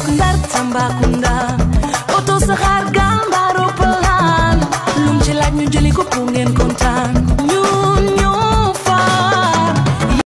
kundar tambah kundang, foto seharga baru pelan Lum celat jeli kupungin kontan